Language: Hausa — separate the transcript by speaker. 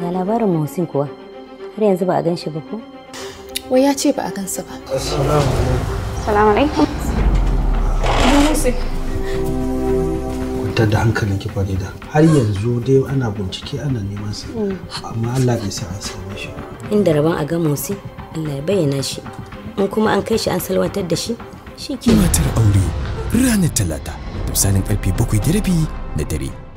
Speaker 1: na labarin Mohsin kuwa? Har yanzu ba a gan shi ba ko? Wai ya ce ba a gansa ba.
Speaker 2: Assalamu alaikum.
Speaker 1: Assalamu alaikum.
Speaker 2: Kwantar da fa da. Har yanzu dai ana bincike ana neman sa. Mm. Amma Allah bai sa an same shi.
Speaker 3: Inda rabon a ga Mohsin, Allah ya bayyana shi. In kuma an kai shi an salwatar da shi, shi ke. Matar aure
Speaker 4: ranar
Speaker 5: talata. Da misalin karfe bakwai da rabi na dare.